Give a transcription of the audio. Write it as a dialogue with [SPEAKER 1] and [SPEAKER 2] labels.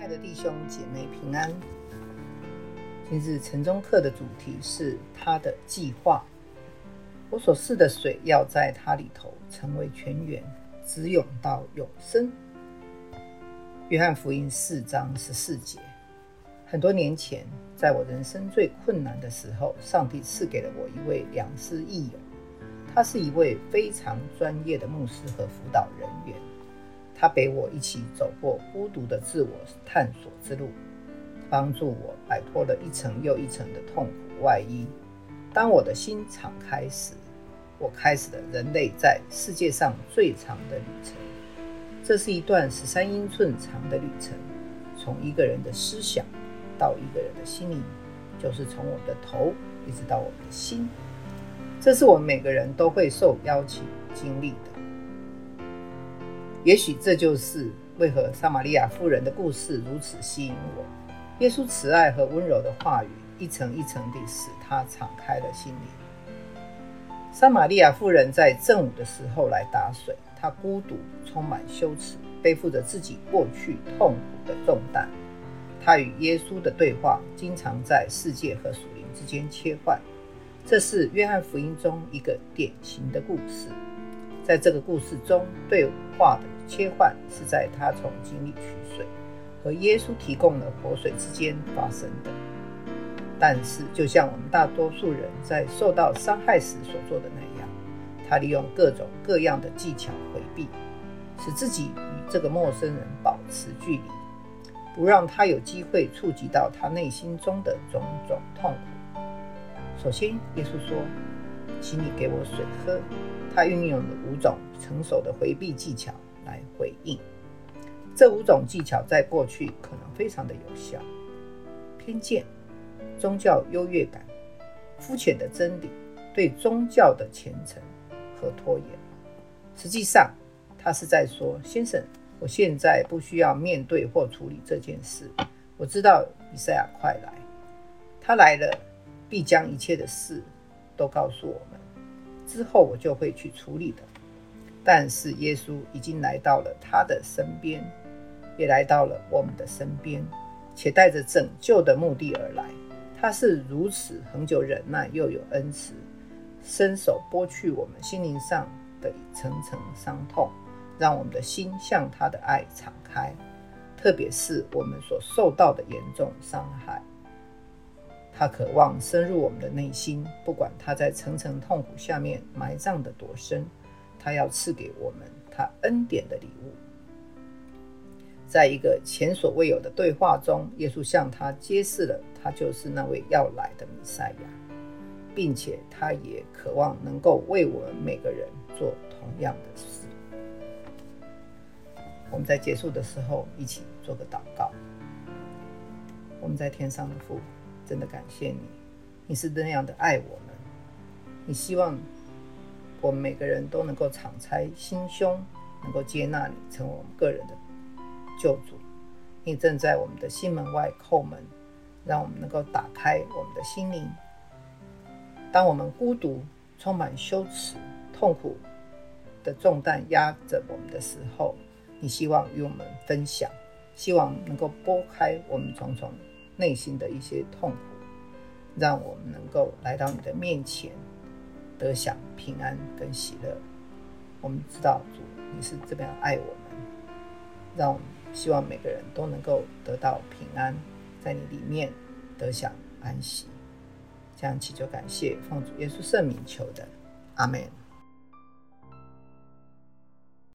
[SPEAKER 1] 親愛的弟兄姐妹平安。今日晨鐘課的主題是祂的計畫。我所賜的水要在他裡頭成為泉源，直湧到永生。約翰福音四章十四節。很多年前，在我人生最困難的時候，上帝賜給了我一位良師益友，他是一位非常專業的牧師和輔導人員。他陪我一起走過孤獨的自我探索之路，幫助我擺脫了一層又一層的痛苦外衣。當我的心敞開時，我開始了人類在世界上最長的旅程。這是一段十三英寸長的旅程，從一個人的思想到一個人的心靈，就是從我們的頭一直到我們的心。這是我們每個人都會受邀請經歷的。也許這就是為何撒瑪利亞婦人的故事如此吸引我。耶穌慈愛和溫柔的話語，一層一層地使她敞開了心靈。撒瑪利亞婦人在正午的時候來打水，她孤獨、充滿羞恥，背負着自己過去痛苦的重擔。她與耶穌的對話經常在世界和屬靈之間切換。這是約翰福音中一個典型的故事。在這個故事中，對話的。切換是在他從井裡取水和耶穌提供的活水之間發生的。但是，就像我們大多數人在受到傷害時所做的那樣，他利用各種各樣的技巧回避，使自己與這個陌生人保持距離，不讓他有機會觸及到他內心中的種種痛苦。首先，耶穌說：“請你給我水喝。”他運用了五種成熟的回避技巧。來回應這五種技巧，在過去可能非常的有效。偏見、宗教優越感、膚淺的真理、對宗教的虔誠和拖延，實際上他是在說：“先生，我現在不需要面對或處理這件事。我知道彌賽亞快來，他來了，必將一切的事都告訴我們。之後我就會去處理的。”但是耶穌已經來到了他的身邊，也來到了我們的身邊，且帶着拯救的目的而來。他是如此恆久忍耐，又有恩慈，伸手撥去我們心靈上的一層層傷痛，讓我們的心向他的愛敞開。特別是我們所受到的嚴重傷害，他渴望深入我們的內心，不管他在層層痛苦下面埋葬的多深。他要賜給我們他恩典的禮物，在一個前所未有的對話中，耶穌向他揭示了他就是那位要來的彌賽亞，並且他也渴望能夠為我們每個人做同樣的事。我們在結束的時候一起做個禱告。我們在天上的父，真的感謝你，你是那樣的愛我們，你希望，我們每個人都能夠敞開心胸，能夠接納你成為我們個人的救主。你正在我們的心門外叩門，讓我們能夠打開我們的心靈。當我們孤獨、充滿羞恥、痛苦的重擔壓着我們的時候，你希望與我們分享，希望能夠撥開我們重重內心的一些痛苦，讓我們能夠來到你的面前。得享平安跟喜樂，我們知道主你是這邊愛我們，讓我們希望每個人都能夠得到平安，在你裡面得享安息，這樣祈求感謝奉主耶穌聖名求的，阿門。